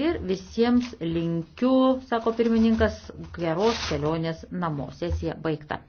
Ir visiems linkiu, sako pirmininkas, geros kelionės namo. Sesija baigta.